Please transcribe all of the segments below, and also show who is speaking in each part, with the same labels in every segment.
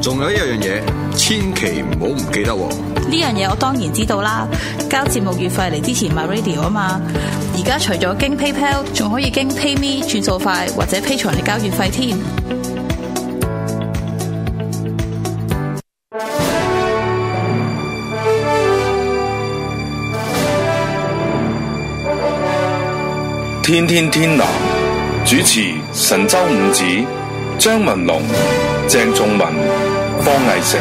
Speaker 1: 仲有一樣嘢，千祈唔好唔記得。呢樣嘢我當然知道啦，交節目月費嚟之前買 radio 啊嘛。而家除咗經 PayPal，仲可以經 PayMe 轉數快，或者 Patreon 嚟交月費添。
Speaker 2: 天天天藍主持：神州五子張文龍。鄭仲文、方毅成，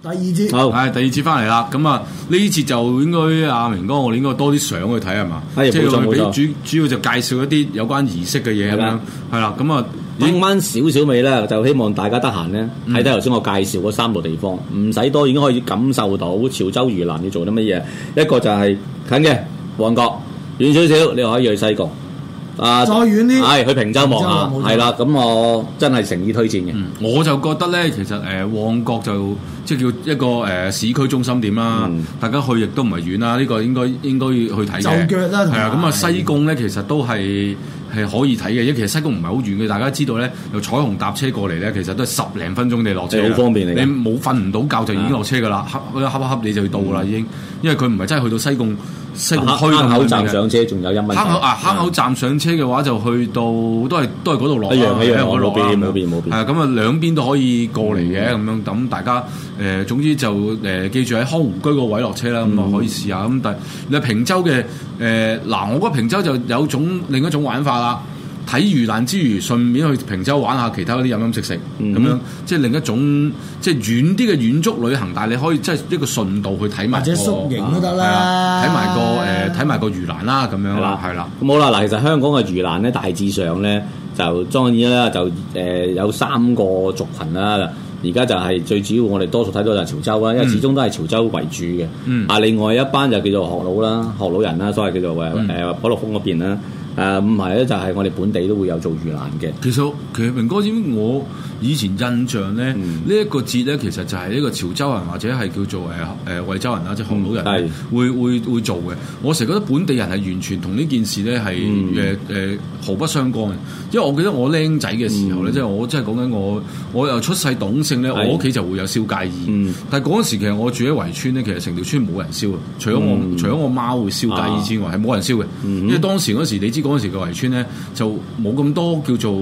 Speaker 2: 第二節好係第二節翻嚟啦。咁啊，呢次就應該
Speaker 1: 阿明哥，我哋應該多啲相去睇係嘛。即係俾主主要就介紹一啲有關儀式嘅嘢咁樣係啦。咁啊，影返少少尾咧，就希望大家得閒咧睇睇頭先我介紹嗰三個地方，唔使、嗯、多，已經可以感受到潮州、盂蘭要做啲乜嘢。一個就係近嘅旺角，遠少少你可以去西貢。啊、再遠啲，係、哎、去平洲望下，係啦。咁我真係誠意推薦嘅、嗯。我就覺得咧，其實誒、呃、
Speaker 2: 旺角就即係叫一個誒、呃、市區中心點啦。嗯、大家去亦都唔係遠啦。呢、這個應該應該要去睇。就腳啦，係啊。咁啊，西貢咧，的其實都係。係可以睇嘅，因為其實西貢唔係好遠嘅。大家知道咧，由彩虹搭車過嚟咧，其實都係十零分鐘你落車，好方便你。你冇瞓唔到覺就已經落車㗎啦，恰恰一恰你就到啦已經。因為佢唔係真係去到西貢城區嘅，坑口站上
Speaker 1: 車仲有一蚊。坑
Speaker 2: 口啊，坑口站上車嘅話就去到都係都係嗰度落，一樣一樣，冇冇邊冇邊。係咁啊兩邊都可以過嚟嘅咁樣。咁大家誒總之就誒記住喺康湖居個位落車啦。咁啊可以試下咁。但係平洲嘅誒嗱，我覺得平洲就有種另一種玩法。啊！睇盂蘭之餘，順便去平洲玩下其他啲飲飲食食，咁、嗯、樣即係另一種即係遠啲嘅遠足旅行，但係你可以即係一個順道去睇埋、那個，或者宿營都得啦，睇埋、啊啊啊啊、個誒睇埋個盂蘭啦，咁樣啦，係
Speaker 1: 啦、嗯。咁好啦，嗱，其實香港嘅盂蘭咧大致上咧就當然啦，就誒有三個族群啦。而家就係最主要，我哋多數睇到就係潮州啦，因為始終都係潮州為主嘅。啊、嗯，另外一班就叫做學佬啦，學老人啦，所謂叫做誒誒普羅峯嗰邊啦。誒唔係，咧、嗯，就係、是、我哋本地都會有做盂蘭嘅。
Speaker 2: 其實其實明哥先，知知我以前印象咧，嗯、節呢一個節咧，其實就係呢個潮州人或者係叫做誒誒惠州人啦，即係鶴佬人，嗯、會會會做嘅。我成日覺得本地人係完全同呢件事咧係誒誒毫不相關嘅，因為我記得我僆仔嘅時候咧，即係、嗯、我真係講緊我我又出世懂性咧，我屋企、嗯、就會有燒街衣。嗯、但係嗰陣時其實我住喺圍村咧，其實成條村冇人燒嘅，除咗我、嗯、除咗我媽會燒街衣之外，係冇、啊、人燒嘅。因為當時嗰時你知。嗰陣時嘅圍村咧，就冇咁多叫做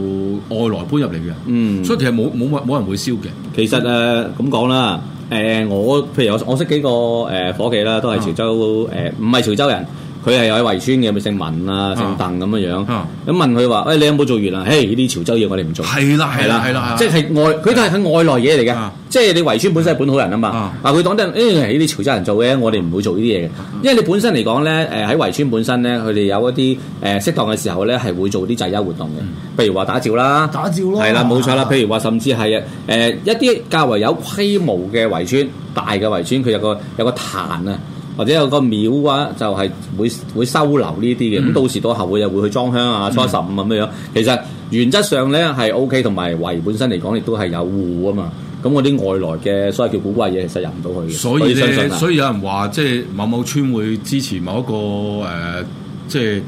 Speaker 2: 外
Speaker 1: 來搬入嚟嘅，嗯，所以其實冇冇乜冇人會燒嘅。其實誒咁講啦，誒以、啊呃，我譬如我我識幾個誒、呃、伙計啦，都係潮州誒，唔係、啊呃、潮州人。佢係有喺圍村嘅，咪姓文啊、姓鄧咁樣樣。咁、啊、問佢話，喂、哎，你有冇做完啊？誒，呢啲潮州嘢我哋唔做。係啦的，係啦的，係啦的，即係外，佢都係外來嘢嚟嘅。的即係你圍村本身係本土人啊嘛。話佢講真，誒，呢、哎、啲潮州人做嘅，我哋唔會做呢啲嘢嘅。因為你本身嚟講咧，誒喺圍村本身咧，佢哋有一啲誒適當嘅時候咧，係會做啲祭幽活動嘅，譬、嗯、如話打醮啦，打醮咯，係啦，冇錯啦。譬如話，甚至係誒、呃、一啲較為有規模嘅圍村，大嘅圍村，佢有個有個壇啊。或者有個廟啊，就係、是、會會收留呢啲嘅。咁、嗯、到時到後，佢又會去裝香啊、初十五咁、啊嗯、樣。其實原則上咧係 O K，同埋圍本身嚟講，亦都係有戶啊嘛。咁嗰啲外來嘅所謂叫古怪嘢，其實入唔到去嘅。所以咧，所以，啊、所以
Speaker 2: 有人話即係某某村會支持某一個誒，即、呃、係。就是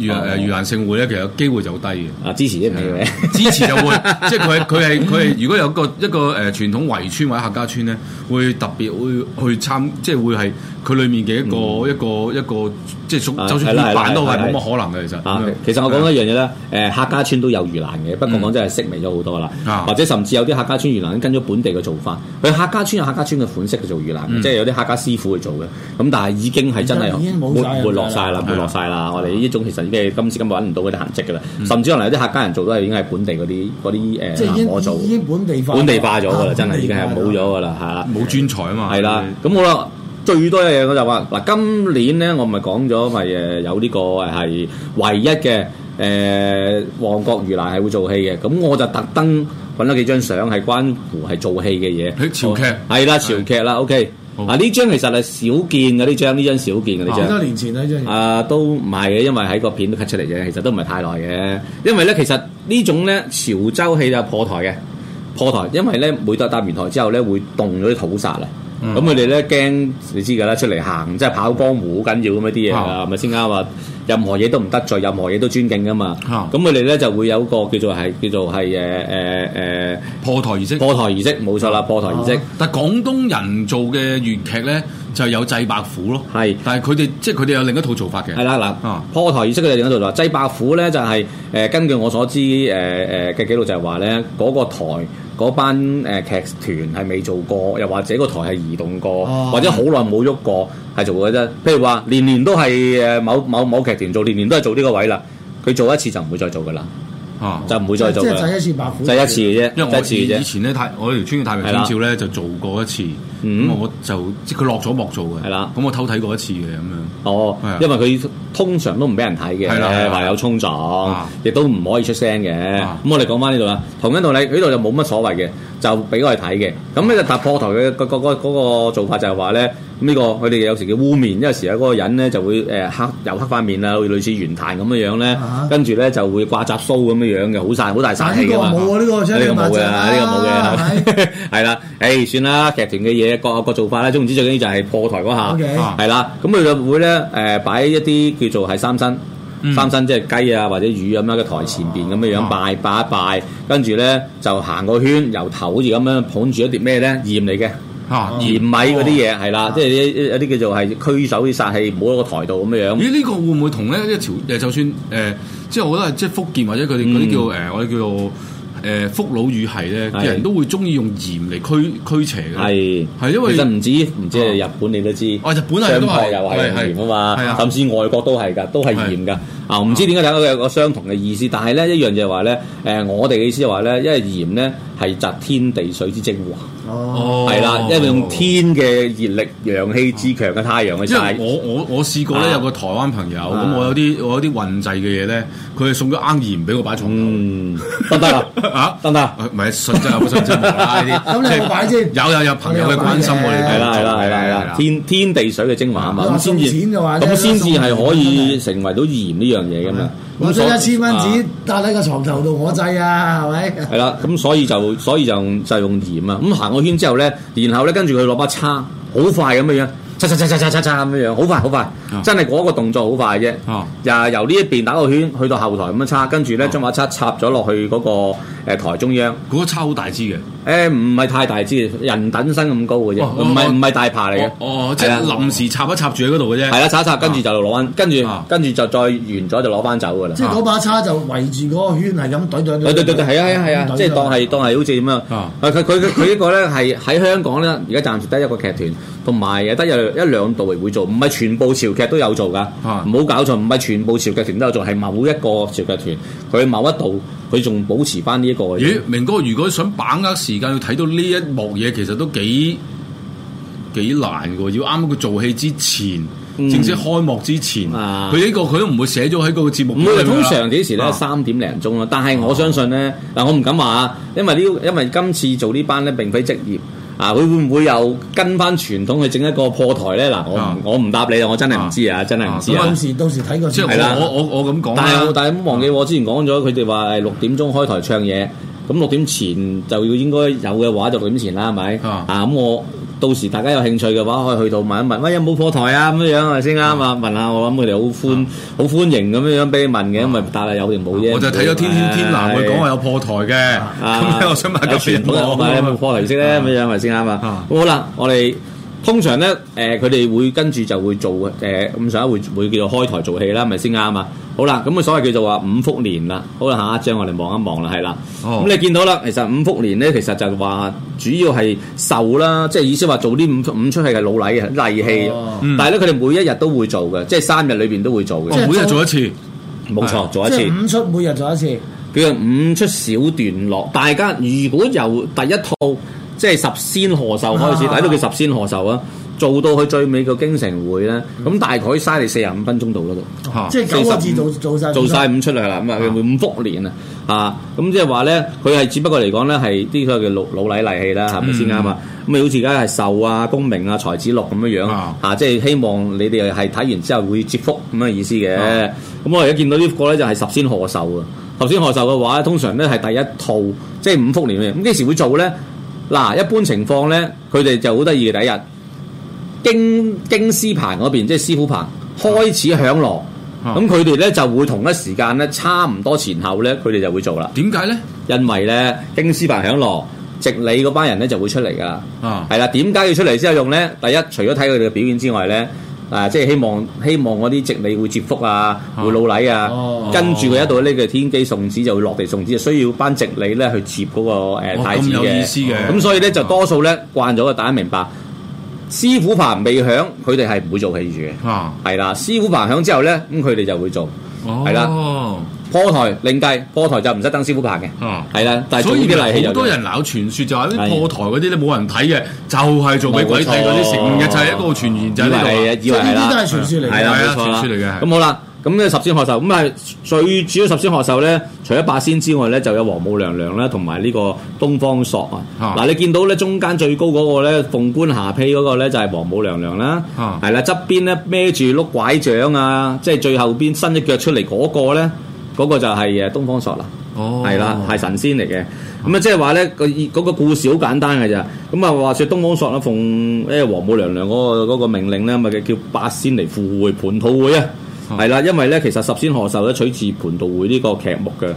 Speaker 2: 盂盂蘭勝會咧，其實機會就好
Speaker 1: 低嘅。啊，支持啲支
Speaker 2: 持就會，即係佢佢係佢係。如果有一個一個誒傳統圍村或者客家村咧，會特別會去參，即係會係佢裡面嘅一個一
Speaker 1: 個一個，即係就算變版都係冇乜可能嘅。其實，其實我講一樣嘢咧，誒客家村都有盂蘭嘅，不過講真係式微咗好多啦。或者甚至有啲客家村盂蘭跟咗本地嘅做法，佢客家村有客家村嘅款式去做盂蘭，即係有啲客家師傅去做嘅。咁但係已經係真係沒沒落曬啦，沒落晒啦。我哋呢一種其實～咩今時今日揾唔到嗰啲痕跡㗎啦，嗯、甚至可能有啲客家人做都係已經係本地嗰啲嗰啲誒我做，已經本地化，本地化咗㗎啦，真係已經係冇咗㗎啦嚇，冇的專才啊嘛，係啦，咁好啦，最多嘅嘢我就話嗱，今年咧我咪講咗咪誒有呢個係唯一嘅誒旺角魚欄係會做戲嘅，咁我就特登揾咗幾張相係關乎係做戲嘅嘢，潮劇係啦，潮劇啦，OK。啊！呢張其實係少見嘅，呢張呢張少見嘅呢張。好多年前呢張張啊都唔係嘅，因為喺個片都 cut 出嚟嘅，其實都唔係太耐嘅。因為咧，其實種呢種咧潮州戲就破台嘅，破台，因為咧每到搭完台之後咧，會動咗啲土煞啦。咁佢哋咧驚，你知㗎啦，出嚟行即係跑江湖好緊要咁一啲嘢、嗯、啊，係咪先啱話？任何嘢都唔得罪，任何嘢都尊敬㗎嘛。咁佢哋咧就會有個叫做係叫做係誒誒誒破台儀式，破台儀式冇錯啦，破台儀式。但係廣東人做嘅粵劇咧，就有祭白虎咯，係是，但係佢哋即係佢哋有另一套做法嘅，係啦嗱，嗯、破台儀式嘅另一套做法。祭白虎咧，就係、是、誒、呃、根據我所知誒誒嘅記錄就係話咧嗰個台嗰班誒、呃、劇團係未做過，又或者個台係移動過，哦、或者好耐冇喐過，係做過嘅啫。譬如話年年都係誒某某某劇團做，年年都係做呢個位啦，佢做一次就唔會再做㗎啦。就唔會再做一次白虎，就一次嘅啫。因為我以以前
Speaker 2: 咧泰，我條村嘅太平清醮咧就做過一次，咁我就即佢落咗幕做嘅，係啦。咁我偷睇過一次嘅咁樣。
Speaker 1: 哦，因為佢通常都唔俾人睇嘅，係啦，話有衝撞，亦都唔可以出聲嘅。咁我哋講翻呢度啦，同一道理，呢度就冇乜所謂嘅，就俾我哋睇嘅。咁呢就突破頭嘅個個嗰個做法就係話咧。咁呢、這個佢哋有時叫污有時面，因為有時嗰個人咧就會誒黑油黑塊面啦，類似玄壇咁樣樣咧，跟住咧就會掛雜鬚咁樣樣嘅，好、呃、晒，好大殺氣噶嘛。呢個冇啊，呢個真係呢個冇嘅，呢個冇嘅係啦。誒算啦，劇團嘅嘢各各做法啦，總言之最緊要就係破台嗰下係啦。咁佢就會咧誒擺一啲叫做係三牲，嗯、三牲即係雞啊或者魚咁樣嘅台前邊咁樣樣拜拜一拜，跟住咧就行個圈，由頭好似咁樣捧住一碟咩咧鹽嚟嘅。嚇鹽米嗰啲嘢係啦，即係有啲叫做係驅走啲煞氣，攞個台度咁樣樣。咦？
Speaker 2: 呢個會唔會同咧一條？誒，就算誒，即係我覺得即係福建或者佢哋嗰啲叫誒，我哋叫做誒福佬語系咧，啲人都會中意用鹽嚟驅
Speaker 1: 驅邪嘅。係係因為其實唔止唔止係日本，你都知。啊，日本係都係，係係啊，甚至外國都係㗎，都係鹽㗎。唔知點解睇到有個相同嘅意思，但係咧一樣就係話咧，誒我哋嘅意思就話咧，因為鹽咧係集天地水之精華，哦，係啦，因為用天嘅熱力、陽氣之強嘅太陽去曬。因
Speaker 2: 為我我我試過咧，有個台灣朋友，咁我有啲我有啲運滯嘅嘢咧，佢送咗啱鹽俾我擺
Speaker 1: 重，得得啊？得唔得？唔係純真啊！純真咁你擺先。有有有朋友嘅關心我哋，係啦係啦係啦，天天地水嘅精華啊嘛，咁先至咁先至係可以成為到鹽呢樣。嘢噶嘛，咁、 嗯、唔使一千蚊紙搭喺個床頭度我制啊，係咪？係啦，咁所以就所以就用就用鹽啊，咁、嗯、行個圈之後咧，然後咧跟住佢攞把叉，好快咁樣樣，叉叉叉叉叉叉叉咁樣樣，好快好快，真係嗰個動作好快啫，又、啊啊、由呢一邊打個圈去到後台咁樣叉，跟住咧將把叉插咗落去嗰、那個。誒，台中央嗰把叉好大支嘅。誒唔係太大支嘅，人等身咁高嘅啫，唔係唔係大爬嚟嘅。哦，即係臨時插一插住喺嗰度嘅啫，係啦，插一插，跟住就攞翻，跟住跟住就再完咗就攞翻走噶啦，即係嗰把叉就圍住嗰個圈係咁懟懟懟啊，係啊係啊，即係當係當係好似咁啊，佢佢佢呢個咧係喺香港咧，而家暫時得一個劇團，同埋得一兩度嚟會做，唔係全部潮劇都有做噶，唔好搞錯，唔係全部潮劇團都有做，係某一個潮劇團佢某一度。佢仲保持翻呢一個咦，
Speaker 2: 明哥。如果想把握時間去睇到呢一幕嘢，其實都幾幾難嘅。要啱佢做戲之前，嗯、正式開幕之前，
Speaker 1: 佢呢、啊呢個佢都唔會寫咗喺嗰個節目，通常幾時咧？三點零鐘啦。但係我相信咧，嗱，我唔敢話啊，因為呢，因為今次做呢班咧並非職業。啊！佢會唔會又跟翻傳統去整一個破台咧？嗱，我我唔答你啊！我真係唔知啊！真係唔知啊！到時
Speaker 2: 到時睇過。係啦，我我我咁講啊！但係唔
Speaker 1: 好忘記，我之前講咗，佢哋話係六點鐘開台唱嘢，咁六點前就要應該有嘅話就六點前啦，係咪？啊咁我。到時大家有興趣嘅話，可以去到問一問，喂，有冇破台啊？咁樣樣咪先啱啊？問下我諗佢哋好歡好歡迎咁樣樣俾你問嘅，因為大係有型冇嘢。我就睇咗天天天，天，天藍佢講話有
Speaker 2: 破台嘅，咁、哎啊、我想問下有冇
Speaker 1: 破台先咧，咁樣樣咪先啱啊？啊好啦，我哋通常咧誒，佢、呃、哋會跟住就會做嘅。咁、呃、上一回會，會叫做開台做戲啦，咪先啱啊？好啦，咁啊，所謂叫做話五福年啦，好啦，下一張我哋望一望啦，係啦，
Speaker 2: 咁、oh. 嗯、你
Speaker 1: 見到啦，其實五福年咧，其實就話主要係壽啦，即係意思話做啲五五出戲嘅老禮嘅例戲。Oh. 但係咧佢哋每一日都會做嘅，即係三日裏邊都會做嘅。哦，每日做一次，冇錯，做一次。啊就是、五出每日做一次。叫做五出小段落，大家如果由第一套即係十仙賀壽開始，睇 到叫十仙賀壽啊。 做到佢最尾個京城會咧，咁、嗯、大概嘥你、哦、四十五,五分鐘度咯都，即係九個字做晒做曬五出嚟啦，咁啊五福年啊嚇，咁即係話咧，佢係只不過嚟講咧係啲所謂嘅老老禮禮器啦，係咪先啱啊？咁啊，好似而家係壽啊、功名啊、才子錄咁樣樣嚇，即係、啊啊就是、希望你哋係睇完之後會接福咁嘅意思嘅。咁我而家見到呢個咧就係十仙賀壽啊！啊十仙賀壽嘅話咧，通常咧係第一套即係、就是、五福年嘅。咁幾時會做咧？嗱、啊，一般情況咧，佢哋就好得意嘅第一日。京京邊師棚嗰邊即係師傅棚開始響鑼，咁佢哋咧就會同一時間咧差唔多前後咧，佢哋就會做啦。點解咧？因為咧京師棚響鑼，直理嗰班人咧就會出嚟噶。係啦、啊，點解要出嚟先有用咧？第一，除咗睇佢哋嘅表演之外咧，啊，即係希望希望嗰啲直理會接福啊，會老禮啊，啊啊跟住佢一度呢個天姬送子就會落地送子，就需要班直理咧去接嗰個誒太子嘅。啊、意思嘅。咁、啊、所以咧就多數咧慣咗嘅，大家明白。師傅牌未響，佢哋係唔會做戲住嘅。啊，係啦，師傅牌響之後咧，咁佢哋就會做。哦，係啦。破台另計，破台就唔使等師傅牌嘅。啊，係啦，但係所以好多人
Speaker 2: 鬧傳説就話啲破台嗰啲咧冇人睇
Speaker 1: 嘅，就係做俾鬼睇嗰啲，成日就係一個
Speaker 2: 傳言製造。以啊，以為呢啲都係傳説嚟嘅，係啦，傳説嚟嘅。咁
Speaker 1: 好啦。咁呢、嗯、十仙賀壽咁係最主要十仙賀壽咧，除咗八仙之外咧，就有王母娘娘啦，同埋呢個東方朔啊。嗱、啊，你見到咧中間最高嗰個咧鳳冠霞帔嗰個咧就係、是、王母娘娘啦，係啦，側邊咧孭住碌拐杖啊，即係最後邊伸隻腳出嚟嗰個咧，嗰、那個就係東方朔啦，係啦、哦，係神仙嚟嘅。咁啊，即係話咧，佢、那、嗰個故事好簡單嘅咋。咁啊，話説東方朔咧奉誒、eh, 王母娘娘嗰個命令咧，咪叫八仙嚟赴會蟠桃會啊！係啦，因為咧，其實十仙賀壽咧取自蟠桃會呢個劇目嘅，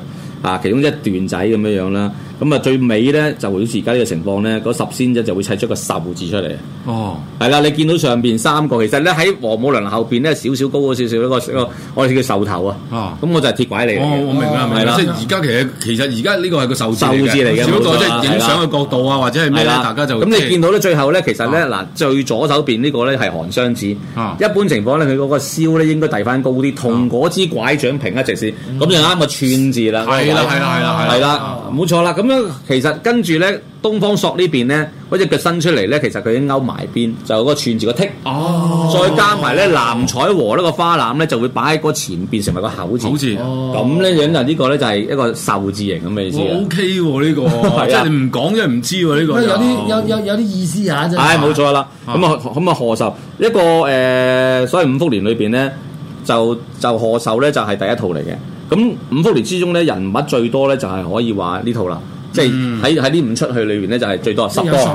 Speaker 1: 啊，其中一段仔咁樣樣啦。咁啊最尾咧就好似而家呢個情況咧，嗰十仙啫就會砌出個壽字出嚟。哦，係啦，你見到上邊三個，其實咧喺黃母陵後邊咧少少高少少一個我哋叫壽頭啊。咁我就係鐵拐嚟嘅。哦，我明啦，明啦。而家其實其實而家呢個係個壽字嚟嘅，即係影相嘅角度啊，或者係咩咧？大家就咁你見到咧最後咧，其實咧嗱最左手邊呢個咧係寒霜子。一般情況咧，佢嗰個燒咧應該遞翻高啲，同嗰支拐杖平一直線。咁就啱個串字啦。係啦，係啦，係啦，係啦，冇錯啦。咁。其實跟住咧，東方朔呢邊咧，嗰隻腳伸出嚟咧，其實佢已經勾埋邊，就有個串字個剔，哦，再加埋咧藍采和呢個花籃咧，就會擺喺個前，變成個口字，口字，咁呢樣就呢個咧就係一個壽字型咁嘅意思。O K，呢個真係唔講因為唔知呢個，有啲有有有啲意思吓，係冇錯啦。咁啊咁啊賀壽一個誒，所謂五福年裏邊咧，就就賀壽咧就係第一套嚟嘅。咁五福年之中咧，人物最多咧就係可以話呢套啦。即係喺喺呢五出去裏邊咧，就係、是、最多十多十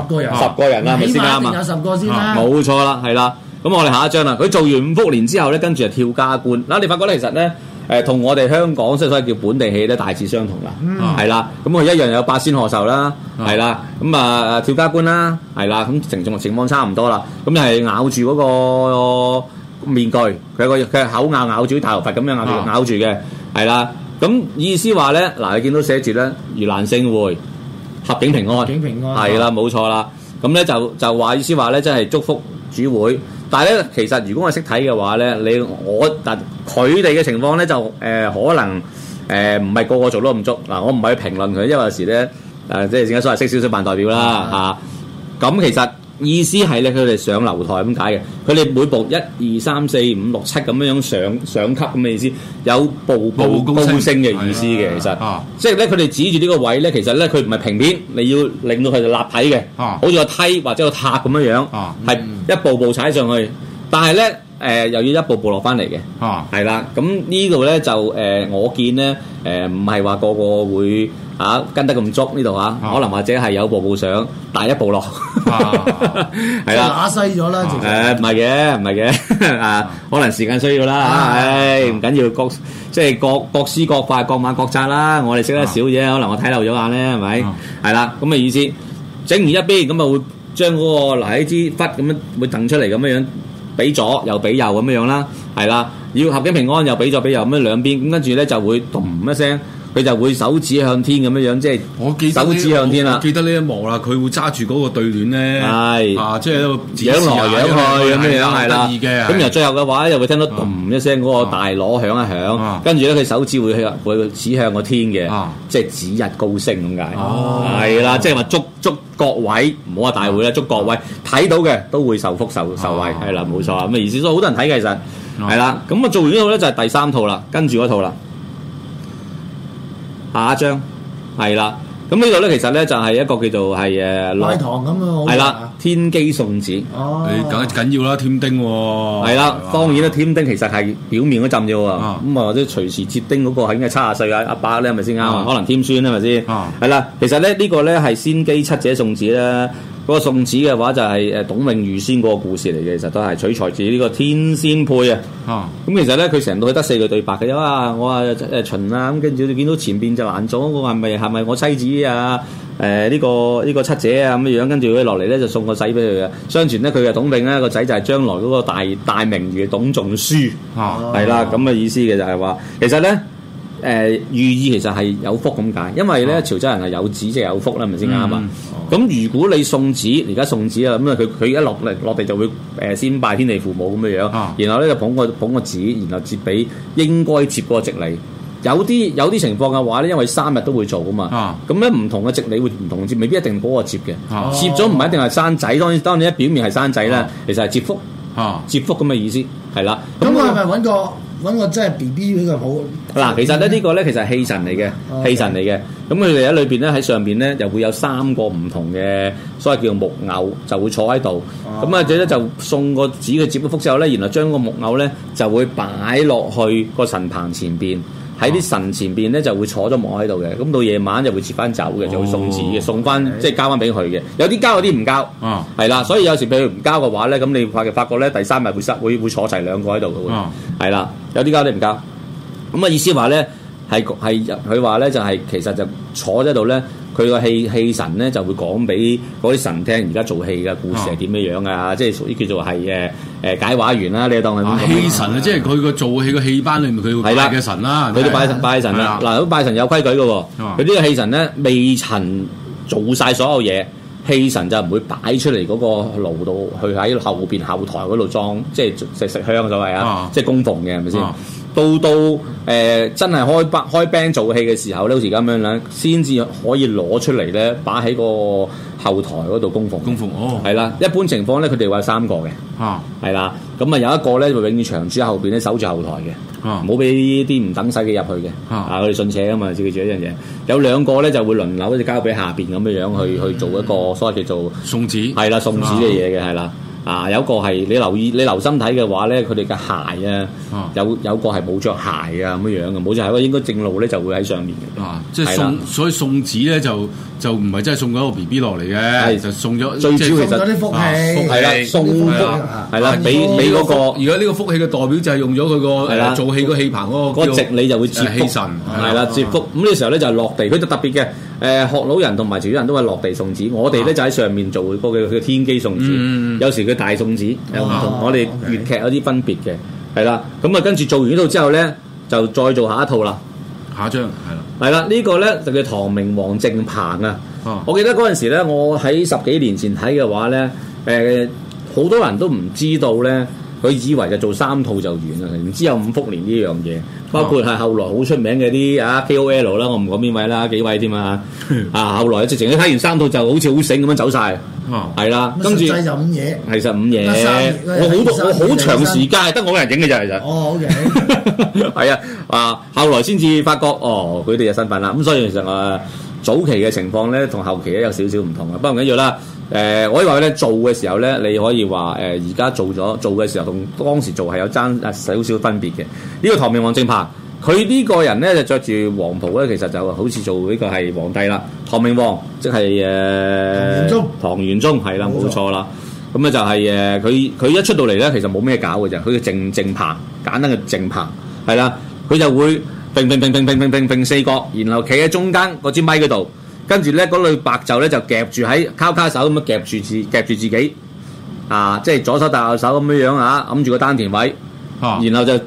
Speaker 1: 個人啦，咪先啱啊十有十個先冇錯啦，係啦、啊。咁我哋下一張啦。佢做完五福連之後咧，跟住就跳加官。嗱、啊，你發覺咧，其實咧，誒、呃、同我哋香港即係所謂叫本地戲咧，大致相同啦，係啦、啊。咁佢一樣有八仙賀壽啦，係啦。咁啊，啊跳加官啦，係啦。咁成眾情況差唔多啦。咁係咬住嗰個面具，佢個佢口咬咬住頭髮咁樣咬住咬住嘅，係啦。咁意思話咧，嗱你見到寫字咧，盂蘭勝會合境平安，合境平安，係啦，冇錯啦。咁咧、嗯、就就話意思話咧，真係祝福主會。但係咧，其實如果我識睇嘅話咧，你我但佢哋嘅情況咧就誒、呃、可能誒唔係個個做都咁足嗱，我唔係去評論佢，因為有時咧誒、呃、即係點解所謂識少少扮代表啦嚇。咁、嗯啊、其實。意思係咧，佢哋上樓台咁解嘅，佢哋每步一二三四五六七咁樣樣上上級咁嘅意思，有步步高升嘅意思嘅，其實啊，即係咧佢哋指住呢個位咧，其實咧佢唔係平面，你要令到佢哋立體嘅，好似個梯或者個塔咁樣樣，係、啊嗯、一步步踩上去，但係咧誒又要一步步落翻嚟嘅，係啦、啊，咁呢度咧就誒、呃、我見咧誒唔係話個個會。嚇跟得咁足呢度啊？可能或者係有步步上，大一步落，係啦，打細咗啦，誒唔係嘅唔係嘅啊，可能時間需要啦嚇，唉，唔緊要，各即係各各施各法，各馬各紮啦。我哋識得少嘢，可能我睇漏咗眼咧，係咪？係啦，咁嘅意思，整完一邊咁啊會將嗰個嗱一支忽咁樣會掟出嚟咁樣樣，俾左又俾右咁樣樣啦，係啦，要合境平安又俾左俾右咁樣兩邊，咁跟住咧就會咚一聲。佢就會手指向天咁樣樣，即係手指向天啦。記
Speaker 2: 得呢一幕啦，佢會揸住嗰個對聯咧，啊，即
Speaker 1: 係揚來揚去咁樣，係啦。咁然後最後嘅話咧，又會聽到噹一聲嗰個大鑼響一響，跟住咧佢手指會向會指向個天嘅，即係指日高升咁解。係啦，即係話祝祝各位唔好話大會啦，祝各位睇到嘅都會受福受受惠，係啦，冇錯。咁啊，意思所以好多人睇嘅其實係啦。咁啊，做完呢套咧就係第三套啦，跟住嗰套啦。下一張係啦，咁呢度咧，其實咧就係一個叫做係誒，堂糖咁啊，係啦喂，天機送子哦，緊緊要啦，添丁喎，係啦，當然啦，添丁其實係表面嗰陣啫喎，或者隨時接丁嗰個係應該七啊歲阿阿伯咧，係咪先啱？可能添孫係咪先？係啦，啊，其實咧呢個咧係先機七者送子啦。個送子嘅話就係誒，董永遇仙嗰個故事嚟嘅，其實都係取材自呢個天仙配啊。哦，咁其實咧佢成套得四句對白嘅啫啊，我話、啊、誒秦啊，咁跟住你見到前邊就難阻，我話係咪係咪我妻子啊？誒、呃、呢、這個呢、這個七姐啊咁樣，跟住佢落嚟咧就送個仔俾佢嘅。相傳咧佢嘅董永咧個仔就係將來嗰個大大名儒董仲舒。哦、啊，係啦，咁嘅意思嘅就係話，其實咧。誒寓意其實係有福咁解，因為咧潮州人係有子即係有福啦，係咪先啱嘛。咁如果你送子，而家送子啦，咁啊佢佢一落嚟落地就會誒先拜天地父母咁嘅樣，然後咧就捧個捧個紙，然後接俾應該接個值理。有啲有啲情況嘅話咧，因為三日都會做啊嘛。咁咧唔同嘅值理會唔同接，未必一定嗰個接嘅。接咗唔係一定係生仔，當然當然一表面係生仔啦，其實係接福，接福咁嘅意思係啦。咁我係咪揾個，揾個真係 B B 比較好嗱，其實咧呢、呢個咧其實係戲神嚟嘅，戲 Okay. 神嚟嘅。咁佢哋喺裏邊咧，喺上邊咧又會有三個唔同嘅，所謂叫木偶就會坐喺度。咁啊，者咧就送個紙佢接咗福之後咧，然後將個木偶咧就會擺落去個神棚前邊。喺啲神前邊咧就會坐咗幕喺度嘅，咁到夜晚就會切翻走嘅，就會送紙嘅，送翻 Okay. 即係交翻俾佢嘅。有啲交，有啲唔交，係啦、uh.。所以有時俾佢唔交嘅話咧，咁你發發覺咧，第三日會失會會坐齊兩個喺度嘅喎，係啦、uh.。有啲交，交，有啲唔交。咁啊意思話咧係係佢話咧就係、是、其實就坐喺度咧。佢個戲戲神咧就會講俾嗰啲神聽，而家做戲嘅故事係點樣樣啊？啊即係屬於叫做係誒誒解畫員啦，你當係戲神啊！啊
Speaker 2: 即係佢個做戲嘅戲班裏面會、啊，佢要了拜嘅神啦，佢都拜拜神啦、
Speaker 1: 啊。嗱了，咁拜神有規矩嘅喎、啊，佢呢個、啊、戲神咧未曾做晒所有嘢，戲神就唔會擺出嚟嗰個爐度，去喺後邊後台嗰度裝，即係食食香所謂啊，即係供奉嘅係咪先？是。到到誒、呃、真係開班開 band 做戲嘅時候咧，好似咁樣咧，先至可以攞出嚟咧，擺喺個後台嗰度供奉。供奉哦，係啦。一般情況咧，佢哋話三個嘅，係啦、啊。咁啊有一個咧，就永遠長駐喺後邊咧，守住後台嘅，唔好俾啲唔等使嘅入去嘅。啊，我哋信邪啊嘛，最緊要一樣嘢。有兩個咧就會輪流就交俾下邊咁嘅樣去去做一個所謂叫做送子，係啦，送子嘅嘢嘅，係啦。啊，有一個係你留意，你留心睇嘅話咧，佢哋嘅鞋啊，有有個係冇着鞋啊咁樣樣嘅，冇着鞋應該正路咧就會喺上面嘅，即係送，
Speaker 2: 所以送子咧就就唔係真係送咗個 B B 落嚟嘅，就送咗最少其實係啦，送福係啦，俾俾嗰個而家呢個福氣嘅代表就係用
Speaker 1: 咗佢個做戲個戲
Speaker 2: 棚嗰個嗰個直，你就會接氣神係啦，接福
Speaker 1: 咁呢個時候咧就係落地，佢就特別嘅。誒學老人同埋潮州人都係落地送子，啊、我哋咧就喺上面做個叫佢天姬送子，嗯、有時佢大送子、哦、我哋粵劇有啲分別嘅，係啦。咁啊，的嗯、跟住做完呢套之後咧，就再做下一套啦。下一張係啦，係啦，這個、呢個咧就叫唐明王正彭啊。我記得嗰陣時咧，我喺十幾年前睇嘅話咧，誒、呃、好多人都唔知道咧。佢以為就做三套就完啦，唔知有五福年呢樣嘢，包括係後來好出名嘅啲啊 KOL 啦，我唔講邊位啦，幾位添嘛。啊後來直情睇完三套就好似好醒咁樣走晒。係啦、啊，跟住就五嘢，其實五嘢，我好多我好長時間得我個人影嘅就係就，哦，OK，係啊，啊後來先至發覺哦，佢哋嘅身份啦，咁所以其實啊早期嘅情況咧同後期咧有少少唔同啊，不過唔緊要啦。誒，我可以話咧，做嘅時候咧，你可以話誒，而家做咗做嘅時候，同當時做係有爭少少分別嘅。呢個唐明皇正派，佢呢個人咧就着住黃袍咧，其實就好似做呢個係皇帝啦。唐明皇即係誒，唐玄宗，唐玄宗係啦，冇錯啦。咁咧就係誒，佢佢一出到嚟咧，其實冇咩搞嘅啫，佢嘅正正派，簡單嘅正派，係啦，佢就會平平平平平平四角，然後企喺中間嗰支咪嗰度。跟住咧，嗰類白袖咧就夾住喺交卡，卡手咁樣夾住自夾住自己，啊，即係左手搭右手咁樣樣嚇，揞、啊、住個丹田位，啊、然後就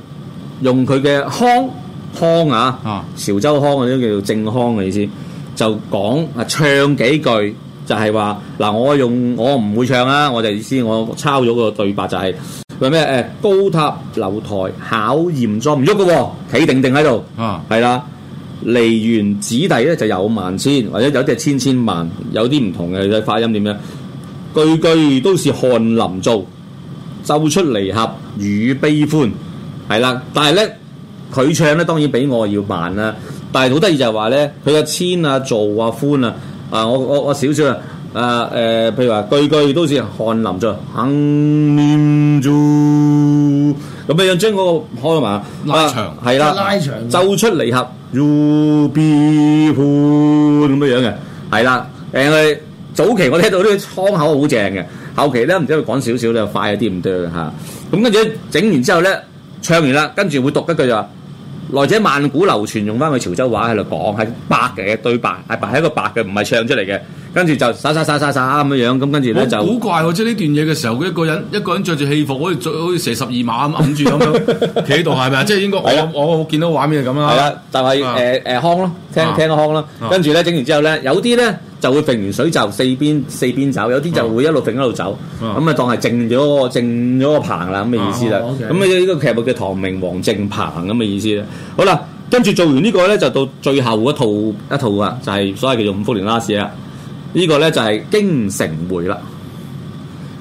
Speaker 1: 用佢嘅腔腔啊，啊潮州腔嗰啲叫做正腔嘅意思，就講啊唱幾句，就係話嗱，我用我唔會唱啊，我就意思，我抄咗個對白就係話咩誒，高塔樓台考驗座唔喐嘅喎，企、哦、定定喺度，係、啊、啦。梨園子弟咧就有萬千，或者有隻千千萬，有啲唔同嘅，睇發音點樣。句句都是翰林做，奏出離合與悲歡，係啦。但係咧，佢唱咧當然比我要慢啦。但係好得意就係話咧，佢嘅千啊、做啊、歡啊，啊我我我少少啊，啊誒譬如話句句都是翰林做，肯念做咁樣將嗰、那個開埋拉長係啦，啊、拉長奏出離合。Ruby 咁嘅樣嘅，係啦，誒、呃、早期我聽到啲窗口好正嘅，後期咧唔知佢講少少咧快一啲咁多嚇，咁、嗯、跟住整完之後咧唱完啦，跟住會讀一句就。來者萬古流傳，用翻佢潮州話喺度講，係白嘅對白，係白係一個白嘅，唔係唱出嚟嘅。跟住就耍耍耍耍耍咁樣樣，咁跟住咧就好
Speaker 2: 怪喎！即係呢段嘢嘅時候，佢一個人一個人着住戲服，好似好似射十二碼咁揞住咁樣企喺度，係咪啊？即係應該我我見到畫面係咁啊！係啦，
Speaker 1: 就係誒誒腔咯，聽聽個腔啦，跟住咧整完之後咧，有啲咧。就會揈完水就四邊四邊走，有啲就會一路揈一路走，咁啊當係淨咗個淨咗個棚啦，咁嘅意思啦。咁啊呢、okay. 個劇目叫《唐明王正棚》咁嘅意思啦。好啦，跟住做完個呢個咧，就到最後一套一套啊，就係、是、所謂叫做五福連拉士啦。這個、呢個咧就係、是《京城會》啦，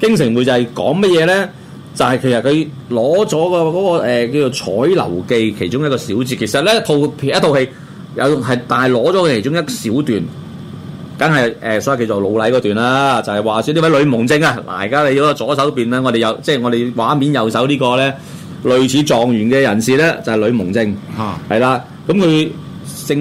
Speaker 1: 《京城會》就係講乜嘢咧？就係其實佢攞咗個嗰個、呃、叫做《彩樓記》其中一個小節，其實咧一套一套戲有係，但係攞咗其中一小段。梗係誒所以叫做老禮嗰段啦，就係話説呢位呂蒙正啊，嗱，而家你個左手邊咧，我哋右即係、就是、我哋畫面右手呢個咧，類似狀元嘅人士咧，就係、是、呂蒙正，係啦、啊，咁佢正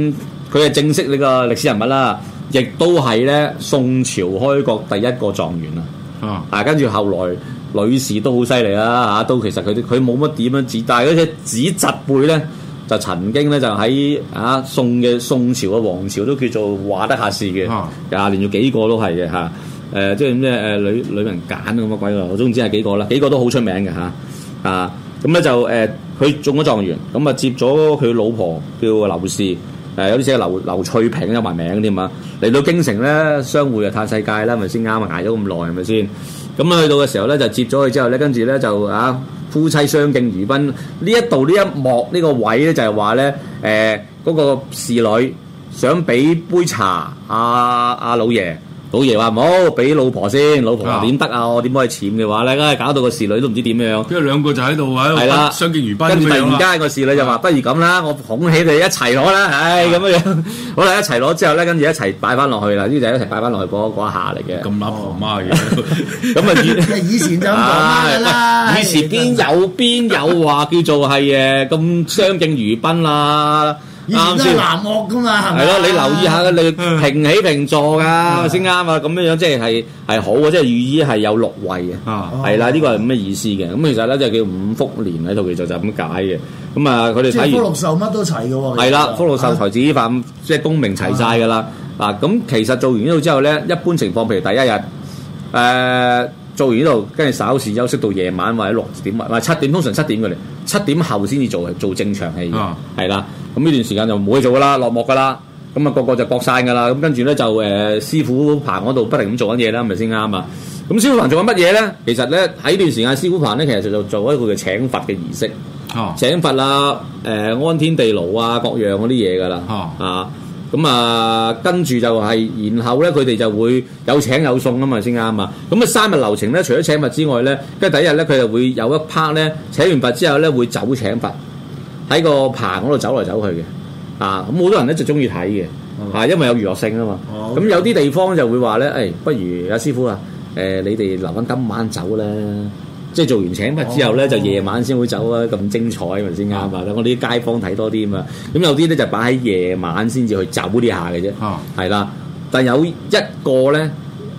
Speaker 1: 佢係正式呢個歷史人物啦，亦都係咧宋朝開國第一個狀元啦，啊，跟住、啊、後來女士都好犀利啦嚇，都其實佢佢冇乜點樣指，但係嗰隻紙紮背咧。就曾經咧就喺啊宋嘅宋朝嘅王朝都叫做話得下事嘅，連續幾個都係嘅嚇，誒、呃、即係咁啫女女人揀咁乜鬼我總言之係幾個啦，幾個都好出名嘅嚇啊！咁咧就誒佢、呃、中咗狀元，咁啊接咗佢老婆叫劉氏，誒、呃、有啲寫劉翠平有埋名添嘛。嚟、啊、到京城咧，相互啊嘆世界啦，咪先啱啊捱咗咁耐，係咪先？咁去到嘅時候咧，就接咗佢之後咧，跟住咧就啊～夫妻相敬如賓，呢一度呢一幕呢、呢個位咧就係話咧，誒、呃、嗰、嗰個侍女想俾杯茶阿、啊、阿、啊、老爺。老爺話唔好，俾老婆先，老婆話點得啊？我點可以攢嘅話咧，梗係搞到個侍女都唔知點樣。跟住兩個就喺度話，係啦，
Speaker 2: 相敬如賓。跟住突然間
Speaker 1: 個侍女就話：不如咁啦，我捧起你一齊攞啦，唉，咁樣。好啦，一齊攞之後咧，跟住一齊擺翻落去啦。呢啲就一齊擺翻落去嗰嗰一下嚟嘅。咁諗狂媽嘅，咁啊，以前就咁狂。以前邊有邊有話叫做係誒咁相敬如賓啦？啱先，係咯，吧吧你留意下，嗯、你平起平坐噶先啱啊！咁樣樣即係係係好啊，即、就、係、是、寓意係有六位啊，係啦吧，呢、嗯、個係咩意思嘅？咁其實咧就叫五福連喺度，其實就咁解嘅。咁啊，佢哋睇係福祿壽乜都齊噶喎。係啦，福祿壽財子范、啊，即係功名齊晒噶啦。嗱、啊，咁、啊嗯、其實做完呢度之後咧，一般情況譬如第一日，誒、呃。做完呢度，跟住稍事休息到夜晚或者六點，或者七點，通常七點過嚟，七點後先至做做正常戲係啦。咁呢、啊、段時間就冇嘢做噶啦，落幕噶啦。咁、那、啊個個就各散噶啦。咁跟住咧就誒、呃、師傅棚嗰度不停咁做緊嘢啦，係咪先啱啊？咁師傅棚做緊乜嘢咧？其實咧喺呢段時間師傅棚咧，其實就做一個叫請佛嘅儀式，啊、請佛啊，誒、呃、安天地爐啊，各樣嗰啲嘢噶啦，啊。啊咁啊、嗯，跟住就係、是，然後咧，佢哋就會有請有送啊嘛，先啱啊！咁、嗯、啊，三日流程咧，除咗請佛之外咧，跟住第一日咧，佢就會有一 part 咧，請完佛之後咧，會走請佛喺個棚嗰度走嚟走去嘅啊！咁、嗯、好多人咧就中意睇嘅啊，因為有娛樂性啊嘛。咁、啊 okay. 嗯、有啲地方就會話咧：誒、哎，不如阿、啊、師傅啊，誒、呃，你哋留翻今晚走啦。即係做完請物之後咧，就夜晚先會走啊！咁精彩咪先啱嘛？我哋啲街坊睇多啲啊嘛。咁有啲咧就擺喺夜晚先至去走呢下嘅啫。哦，係啦。但有一個咧，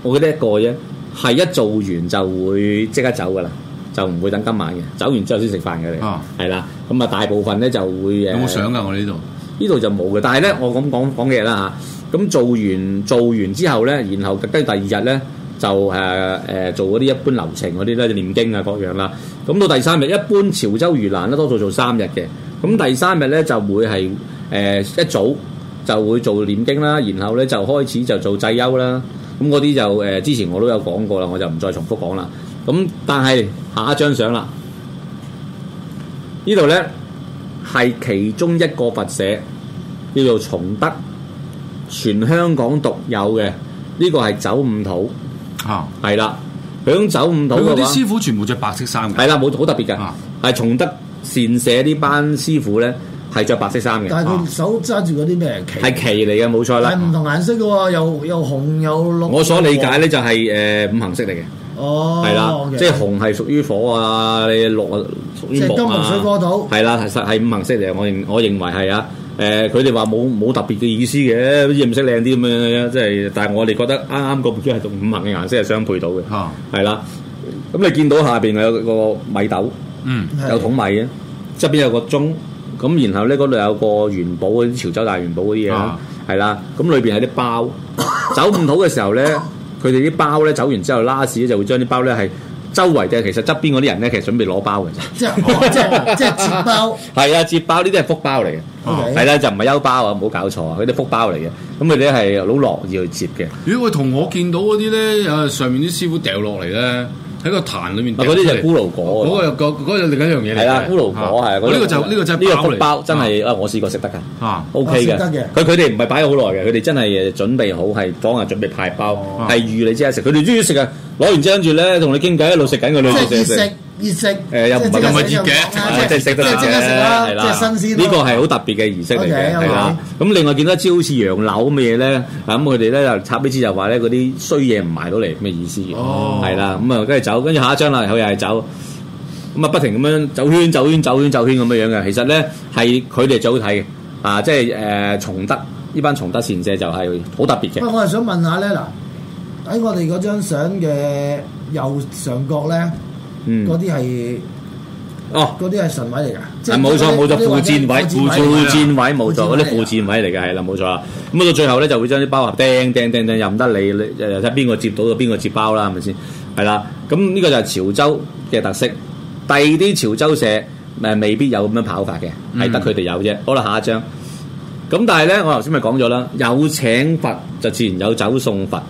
Speaker 1: 我記得一個啫，係一做完就會即刻走噶啦，就唔會等今晚嘅。走完之後先食飯嘅你。哦，係啦。咁啊，大部分咧就會誒。有冇相㗎？我哋呢度呢度就冇嘅。但係咧，嗯、我咁講講嘢啦嚇。咁、啊、做完做完之後咧，然後跟第二日咧。就誒、是、誒、呃、做嗰啲一般流程嗰啲咧，念經啊各樣啦。咁到第三日，一般潮州盂蘭咧多數做三日嘅。咁第三日咧就會係誒、呃、一早就會做念經啦，然後咧就開始就做祭幽啦。咁嗰啲就誒、呃、之前我都有講過啦，我就唔再重複講啦。咁但係下一張相啦，呢度咧係其中一個佛社叫做崇德，全香港獨有嘅呢、這個係走五土。啊，係啦，響走五到嘅話，啲師傅全部着白色衫嘅。係啦，冇好特別嘅。係崇德善社呢班師傅咧，係着白色衫嘅。但係佢手揸住嗰啲咩？旗？係旗嚟嘅，冇錯啦。係唔同顏色嘅喎，又又紅又綠。我所理解咧就係誒五行色嚟嘅。哦，係啦，即係紅係屬於火啊，你綠啊屬於木啊，即金木水火土。係啦，實係五行色嚟嘅，我我認為係啊。誒，佢哋話冇冇特別嘅意思嘅，好似唔識靚啲咁樣嘅即係，但係我哋覺得啱啱嗰幅畫係同五行嘅顏色係相配到嘅。係啦，啊，咁你見到下邊有個米豆，嗯，有桶米啊，側邊是的 有個鐘，咁然後咧嗰度有個元寶嗰啲潮州大元寶嗰啲嘢啊，係啦。咁裏邊有啲包，走唔好嘅時候咧，佢哋啲包咧走完之後，拉屎就會將啲包咧係周圍嘅，其實側邊嗰啲人咧其實準備攞包嘅，啊
Speaker 2: 即即係即
Speaker 1: 係接包。係啊， 接包呢啲係福包嚟嘅。係啦，就唔係優包啊，唔好搞錯啊，佢啲福包嚟嘅。咁佢哋係好樂意去接嘅。如果佢同我見到嗰啲咧，上面啲師傅掉落嚟咧，喺個壇裏面，嗰啲就咕嚕果。嗰個
Speaker 2: 又另一樣嘢嚟。係啦，咕嚕果係。呢個就呢個就呢個福包，真係啊，
Speaker 1: 我試過食得噶。OK 嘅。得嘅。佢佢哋唔係擺好耐嘅，佢哋真係誒準備好係講啊，準備派包，係預你即刻食。佢哋中唔中意食啊？攞完之後跟住咧，同你傾偈一路食緊個暖儀式誒又唔係咁嘅熱嘅，即係食得嚟嘅，係啦。呢個係好特別嘅儀式嚟嘅，係啦。咁另外見到一張好似楊柳咁嘅嘢咧，咁佢哋咧就插啲枝，就話咧嗰啲衰嘢唔賣到嚟，咩意思哦，係啦，咁啊跟住走，跟住下一張啦，佢又係走，咁啊不停咁樣走圈、走圈、走圈、走圈咁樣樣嘅。其實咧係佢哋最好睇啊，即係誒崇德呢班崇德善社就係好特別嘅。我係想問下咧，嗱喺我哋嗰張相嘅右上角咧。嗰啲係哦，嗰啲係神位嚟噶，係冇錯冇錯，附薦位附附薦位冇錯，嗰啲附薦位嚟嘅係啦，冇錯。咁到最後咧就會將啲包盒掟掟掟掟，又唔得你，又睇邊個接到邊個接包啦，係咪先？係啦，咁呢個就係潮州嘅特色。第二啲潮州社誒未必有咁樣跑法嘅，係得佢哋有啫。好啦，下一張。咁但係咧，我頭先咪講咗啦，有請佛就自然有走送佛，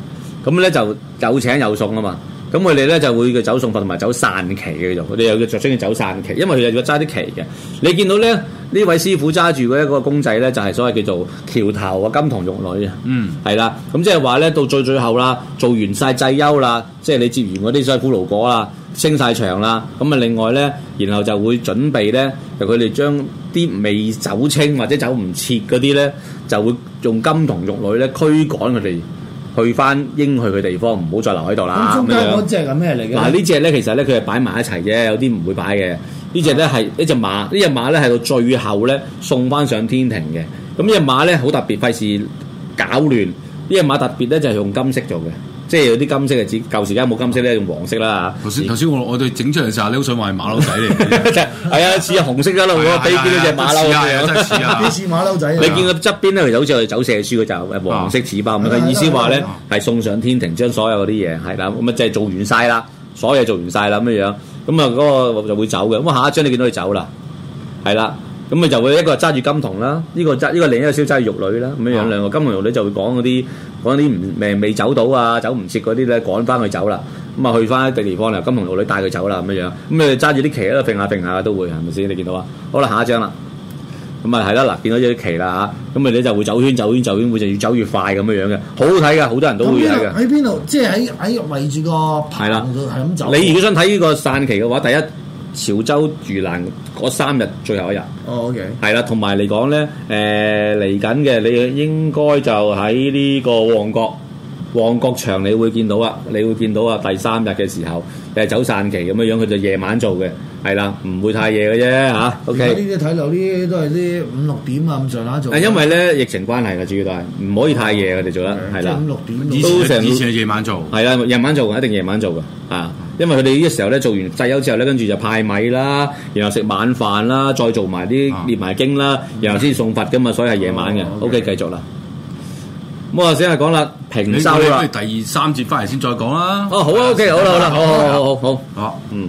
Speaker 1: 咁咧就有請有送啊嘛。咁佢哋咧就會嘅走送佛同埋走散期嘅做，佢哋有嘅着重嘅走散期，因為佢又要揸啲旗嘅。你見到咧，呢位師傅揸住嘅一嗰個公仔咧，就係、是、所謂叫做橋頭啊、金童玉女啊，嗯，係啦。咁即係話咧，到最最後啦，做完晒祭幽啦，即係你接完嗰啲西苦蘆果啦，清晒場啦。咁啊另外咧，然後就會準備咧，就佢哋將啲未走清或者走唔切嗰啲咧，就會用金童玉女咧驅趕佢哋。去翻應去嘅地方，唔好再留喺度啦。咁中間嗰隻係咩嚟嘅？嗱、啊、呢隻咧，其實咧佢係擺埋一齊啫，有啲唔會擺嘅。隻呢隻咧係一隻馬。隻馬呢隻馬咧係到最後咧送翻上天庭嘅。咁呢隻馬咧好特別，費事搞亂。呢隻馬特別咧就係、是、用金色做嘅。即係有啲金色嘅指舊時間冇金色咧，用黃色啦嚇。
Speaker 2: 頭先頭先我我對整出嚟嗰集咧，好想話係馬騮仔嚟
Speaker 1: 嘅。係啊，似係紅色噶啦，我俾幾多隻馬騮似啊，似馬騮仔。你見佢側邊咧，就好似係走赦書嘅，就黃色紙包咁嘅意思話咧，係送上天庭，將所有嗰啲嘢係啦，咁咪即係做完晒啦，所有嘢做完晒啦咁嘅樣。咁啊，嗰個就會走嘅。咁下一張你見到佢走啦，係啦。咁咪就會一個揸住金童啦，呢個揸呢個另一個小姐揸住玉女啦，咁嘅樣兩個金童玉女就會講嗰啲。嗰啲唔未未走到啊，走唔切嗰啲咧，趕翻去走啦。咁啊，去翻一地方啦，金童玉女帶佢走啦，咁樣樣。咁啊，揸住啲旗喺度揈下揈下，都會係咪先？你見到啊？好啦，下一張啦。咁啊，係啦，嗱，見到有啲旗啦嚇。咁啊，你就會走圈、走圈、走圈，會就要走越快咁樣樣嘅，好睇噶，好多人都會睇噶。喺邊度？即係喺喺圍住個。係啦的，係咁走。你如果想睇呢個散旗嘅話，第一。潮州盂蘭嗰三日最後一日，係啦、oh, okay.，同埋嚟講咧，誒嚟緊嘅，你應該就喺呢個旺角、旺角場，你會見到啊，你會見到啊，第三日嘅時候你誒走散期咁嘅樣，佢就夜晚做嘅，係啦，唔會太夜嘅啫嚇。O K，呢啲睇落呢啲都係啲五六點啊，咁上下做。因為咧疫情關係嘅，主要都係唔可以太夜，佢哋做啦，係啦、嗯，五六點。以前以前夜晚做，係啦，夜晚做，一定夜晚做嘅，啊。因為佢哋呢啲時候咧，做完祭幽之後咧，跟住就派米啦，然後食晚飯啦，再做埋啲念埋經啦，然後先送佛噶嘛，所以係夜晚嘅、哦。OK，繼、okay, 續啦。咁我先係講啦，平收啦，第
Speaker 2: 二三節翻嚟先再講啦。哦，好啊，OK，好啦，好啦，好好好好好，好，
Speaker 1: 好嗯。